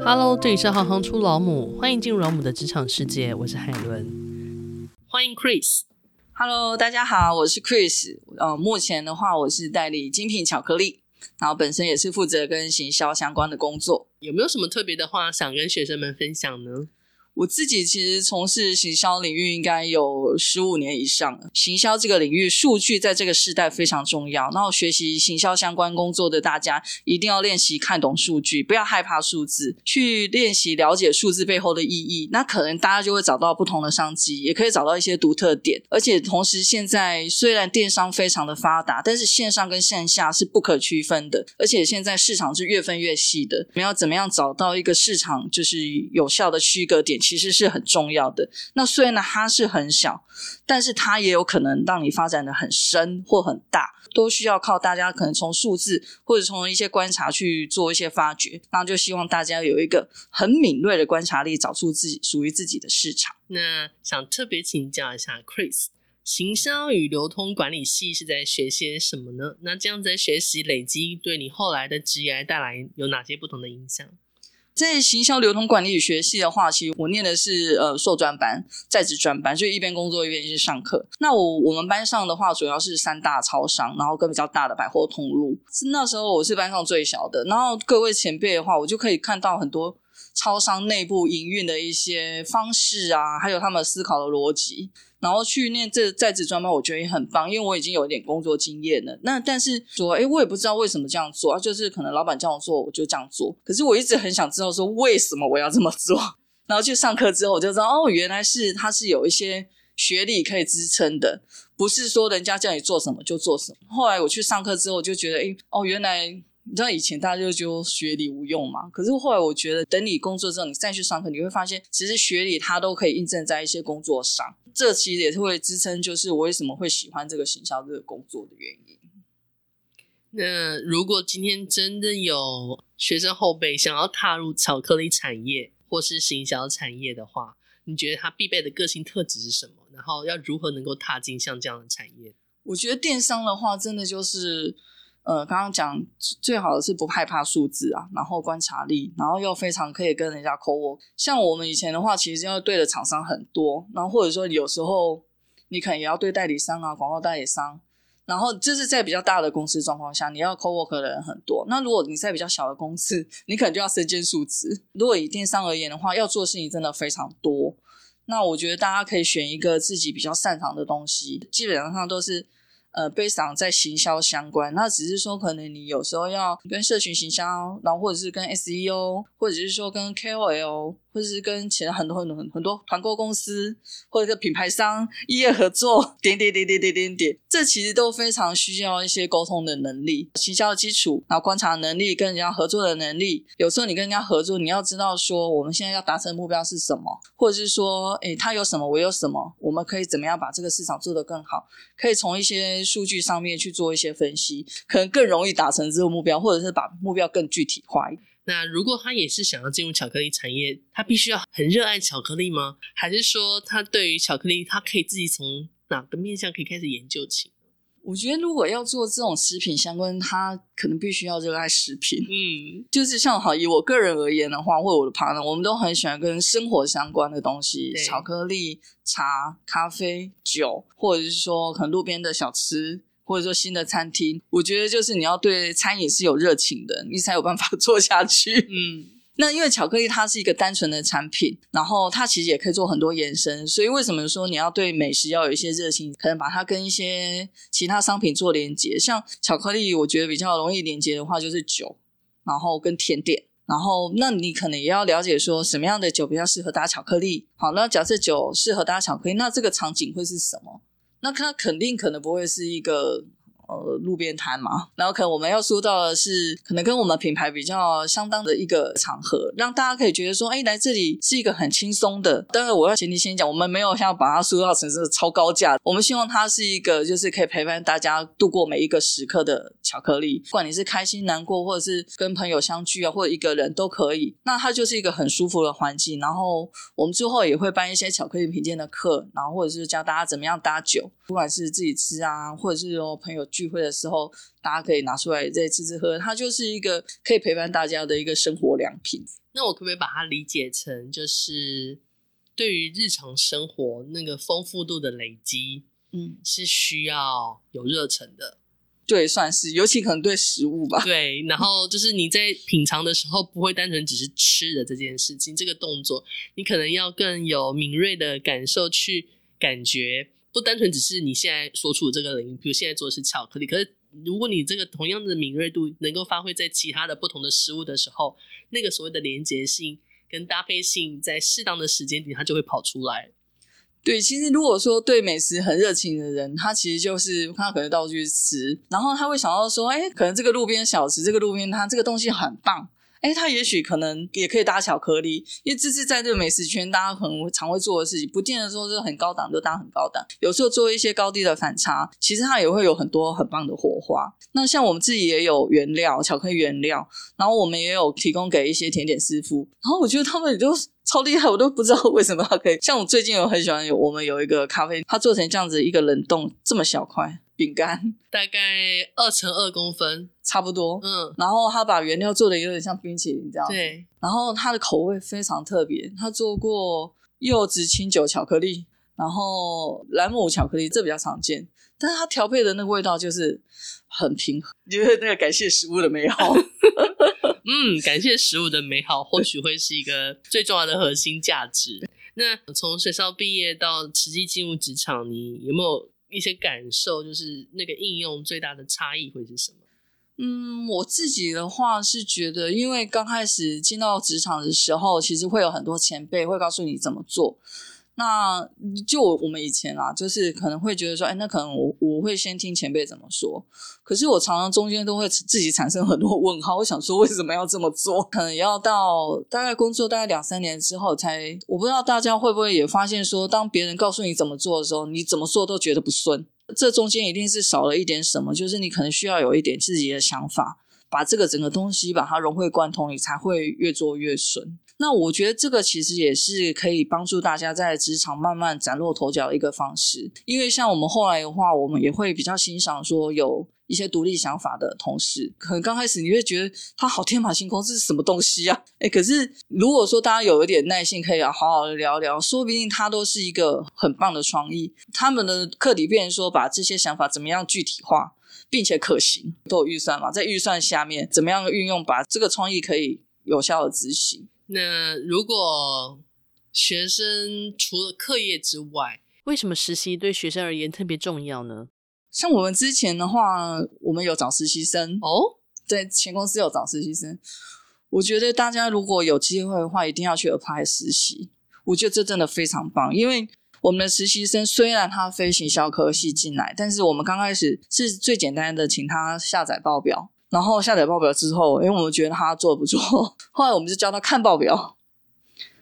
Hello，這裡是行行出老母，歡迎進入老母的職場世界，我是海倫。歡迎 Chris。Hello，大家好，我是 Chris。呃，目前的話，我是代理精品巧克力，然後本身也是負責跟行銷相關的工作。有沒有什麼特別的話想跟學生們分享呢？我自己其實從事行銷領域應該有十五年以上了。行銷這個領域，數據在這個時代非常重要。然後學習行銷相關工作的大家，一定要練習看懂數據，不要害怕數字，去練習了解數字背後的意義。那可能大家就會找到不同的商機，也可以找到一些獨特點。而且同時，現在雖然電商非常的發達，但是線上跟線下是不可區分的。而且現在市場是越分越細的，我們要怎麼樣找到一個市場就是有效的區隔點？其實是很重要的。那雖然呢，它是很小，但是它也有可能讓你發展的很深或很大，都需要靠大家可能從數字或者從一些觀察去做一些發掘。那就希望大家有一個很敏銳的觀察力，找出自己屬於自己的市場。那想特別請教一下 Chris，行銷與流通管理系是在學些什麼呢？那這樣在學習累積，對你後來的職業帶來有哪些不同的影響？在行銷與流通管理學系的話，其實我念的是呃碩專班，在職專班，就一邊工作一邊去上課。那我我們班上的話，主要是三大超商，然後跟比較大的百貨通路，是那時候我是班上最小的，然後各位前輩的話，我就可以看到很多超商內部營運的一些方式啊，還有他們思考的邏輯。然後去念這在職專班，我覺得也很棒，因為我已經有一點工作經驗了。那但是說，誒，我也不知道為什麼這樣做，啊、就是可能老闆叫我做，我就這樣做。可是我一直很想知道，說為什麼我要這麼做？然後去上課之後，我就知道哦，原來是他是有一些學歷可以支撐的，不是說人家叫你做什麼就做什麼。後來我去上課之後，我就覺得，誒哦，原來。你知道以前大家就覺得學歷無用嘛。可是後來我覺得，等你工作之後，你再去上課，你會發現，其實學歷它都可以印證在一些工作上。這其實也是會支撐，就是我為什麼會喜歡這個行銷這個工作的原因。那如果今天真的有學生後輩想要踏入巧克力產業或是行銷產業的話，你覺得他必備的個性特質是什麼？然後要如何能夠踏進像這樣的產業？我覺得電商的話，真的就是。呃、嗯，剛剛講最好的是不害怕數字啊，然後觀察力，然後又非常可以跟人家 co work。像我們以前的話，其實要對的廠商很多，然後或者說你有時候你可能也要對代理商啊、廣告代理商，然後就是在比較大的公司狀況下，你要 co work 的人很多。那如果你在比較小的公司，你可能就要身兼數職。如果以電商而言的話，要做的事情真的非常多。那我覺得大家可以選一個自己比較擅長的東西，基本上都是。呃，被賞在行銷相關，那只是說，可能你有時候要跟社群行銷，然後或者是跟 SEO，或者是說跟 KOL。就是跟前很多很多很很多團購公司或者是品牌商，一夜合作，點點點點點點點，這其實都非常需要一些溝通的能力、行銷的基礎，然後觀察能力、跟人家合作的能力。有時候你跟人家合作，你要知道說我們現在要達成的目標是什麼，或者是說，哎，他有什麼，我有什麼，我們可以怎麼樣把這個市場做得更好？可以從一些數據上面去做一些分析，可能更容易達成這個目標，或者是把目標更具體化一點。那如果他也是想要進入巧克力產業，他必須要很熱愛巧克力嗎？還是說他對於巧克力，他可以自己從哪個面向可以開始研究起？我覺得如果要做這種食品相關，他可能必須要熱愛食品。嗯，就是像哈，以我個人而言的話，或者我的 partner，我們都很喜歡跟生活相關的東西，對巧克力、茶、咖啡、酒，或者是說可能路邊的小吃。或者說新的餐廳，我覺得就是你要對餐飲是有熱情的，你才有辦法做下去。嗯，那因為巧克力它是一個單純的產品，然後它其實也可以做很多延伸，所以為什麼說你要對美食要有一些熱情，可能把它跟一些其他商品做連接。像巧克力，我覺得比較容易連接的話就是酒，然後跟甜點，然後那你可能也要了解說什麼樣的酒比較適合搭巧克力。好，那假設酒適合搭巧克力，那這個場景會是什麼？那他肯定可能不會是一個，呃，路邊攤嘛，然後可能我們要塑造的是，可能跟我們品牌比較相當的一個場合，讓大家可以覺得說，哎，來這裡是一個很輕鬆的。但是我要前提先講，我們沒有想要把它塑造成是超高價，我們希望它是一個就是可以陪伴大家度過每一個時刻的巧克力。不管你是開心、難過，或者是跟朋友相聚啊，或者一個人都可以，那它就是一個很舒服的環境。然後我們之後也會辦一些巧克力品鑑的課，然後或者是教大家怎麼樣搭酒，不管是自己吃啊，或者是說朋友。聚會的時候，大家可以拿出來再吃吃喝喝。它就是一個可以陪伴大家的一個生活良品。那我可不可以把它理解成，就是對於日常生活那個豐富度的累積？嗯，是需要有熱忱的。嗯、對，算是，尤其可能對食物吧。對，然後就是你在品嘗的時候，不會單純只是吃的這件事情，這個動作，你可能要更有敏銳的感受去感覺。不單純只是你現在所處的這個領域，比如現在做的是巧克力。可是如果你這個同樣的敏銳度能夠發揮在其他的不同的食物的時候，那個所謂的連結性跟搭配性，在適當的時間點，它就會跑出來。對，其實如果說對美食很熱情的人，他其實就是他可能到處吃，然後他會想到說，哎，可能這個路邊小吃，這個路邊攤，這個東西很棒。哎、欸，他也許可能也可以搭巧克力，因為這是在這個美食圈大家很常會做的事情，不見得說是很高檔就搭很高檔，有時候做一些高低的反差，其實它也會有很多很棒的火花。那像我們自己也有原料，巧克力原料，然後我們也有提供給一些甜點師傅，然後我覺得他們也都超厲害，我都不知道為什麼它可以。像我最近有很喜歡有我們有一個咖啡，它做成這樣子一個冷凍這麼小塊。餅乾大概二乘二公分，差不多。嗯，然後他把原料做的有點像冰淇淋這樣。對，然後他的口味非常特別。他做過柚子清酒巧克力，然後藍莓巧克力，這比較常見。但是他調配的那個味道就是很平衡。你覺得那個感謝食物的美好。 嗯，感謝食物的美好，或許會是一個最重要的核心價值。 那從學校畢業到實際進入職場，你有沒有？一些感受，就是那個應用最大的差異會是什麼？嗯，我自己的話是覺得，因為剛開始進到職場的時候，其實會有很多前輩會告訴你怎麼做。那就我們以前啊，就是可能會覺得說，哎，那可能我我會先聽前輩怎麼說。可是我常常中間都會自己產生很多問號，我想說為什麼要這麼做？可能要到大概工作大概兩三年之後才，才我不知道大家會不會也發現說，當別人告訴你怎麼做的時候，你怎麼做都覺得不順。這中間一定是少了一點什麼，就是你可能需要有一點自己的想法，把這個整個東西把它融會貫通你，你才會越做越順。那我覺得這個其實也是可以幫助大家在職場慢慢嶄露頭角的一個方式，因為像我們後來的話，我們也會比較欣賞說有一些獨立想法的同事。可能剛開始你會覺得他好天馬行空，這是什麼東西啊？哎，可是如果說大家有一點耐心，可以好好的聊聊，說不定他都是一個很棒的創意。他們的課題變成說把這些想法怎麼樣具體化，並且可行，都有預算嘛？在預算下面怎麼樣運用，把這個創意可以有效的執行。那如果學生除了課業之外，為什麼實習對學生而言特別重要呢？像我們之前的話，我們有找實習生哦，oh? 對，前公司有找實習生。我覺得大家如果有機會的話，一定要去 apply 實習。我覺得這真的非常棒，因為我們的實習生雖然他非行銷科系進來，但是我們剛開始是最簡單的，請他下載報表。然後下載報表之後，因為我們覺得他做得不錯，後來我們就教他看報表。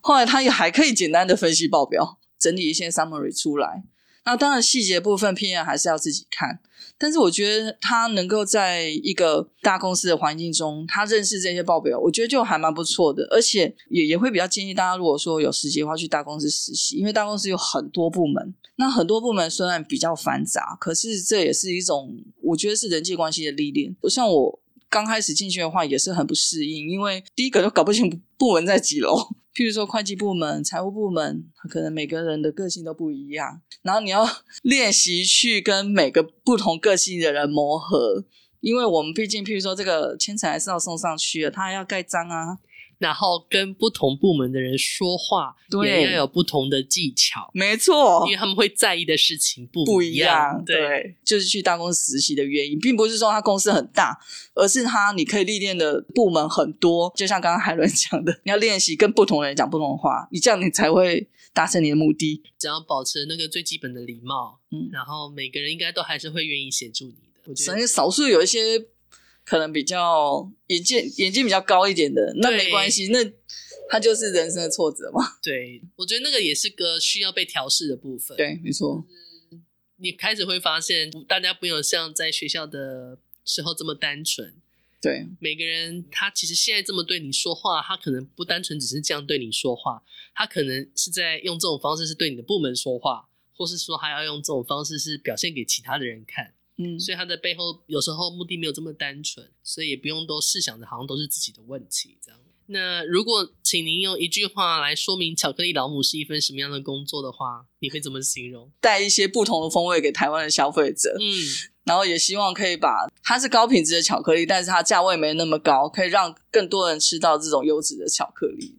後來他也還可以簡單的分析報表，整理一些 summary 出來。那當然細節部分偏還是要自己看。但是我覺得他能夠在一個大公司的環境中，他認識這些報表，我覺得就還蠻不錯的。而且也也會比較建議大家，如果說有時間的話，去大公司實習，因為大公司有很多部門。那很多部門雖然比較繁雜，可是這也是一種我覺得是人際關係的歷練。不像我。剛開始進去的話也是很不適應，因為第一個就搞不清不部門在幾樓。譬如說會計部門、財務部門，可能每個人的個性都不一樣，然後你要練習去跟每個不同個性的人磨合。因為我們畢竟，譬如說這個簽呈還是要送上去了，他還要蓋章啊。然後跟不同部門的人說話，對也要有不同的技巧。沒錯，因為他們會在意的事情不一樣，不一樣。對，對，就是去大公司實習的原因，並不是說他公司很大，而是他你可以歷練的部門很多。就像剛剛海倫講的，你要練習跟不同人講不同話，你這樣你才會達成你的目的。只要保持那個最基本的禮貌，嗯，然後每個人應該都還是會願意協助你的。我覺得。反正少數有一些。可能比較眼界眼界比較高一點的，那沒關係，對那他就是人生的挫折嘛。對，我覺得那個也是個需要被調試的部分。對，沒錯。就是你開始會發現，大家不用像在學校的時候這麼單純。對，每個人他其實現在這麼對你說話，他可能不單純只是這樣對你說話，他可能是在用這種方式是對你的部門說話，或是說他要用這種方式是表現給其他的人看。嗯，所以他的背後有時候目的沒有這麼單純，所以也不用都試想着好像都是自己的問題這樣。那如果請您用一句話來說明巧克力老母是一份什麼樣的工作的話，你會怎麼形容？帶一些不同的風味給台灣的消費者，嗯，然後也希望可以把，它是高品質的巧克力，但是它價位沒那麼高，可以讓更多人吃到這種優質的巧克力。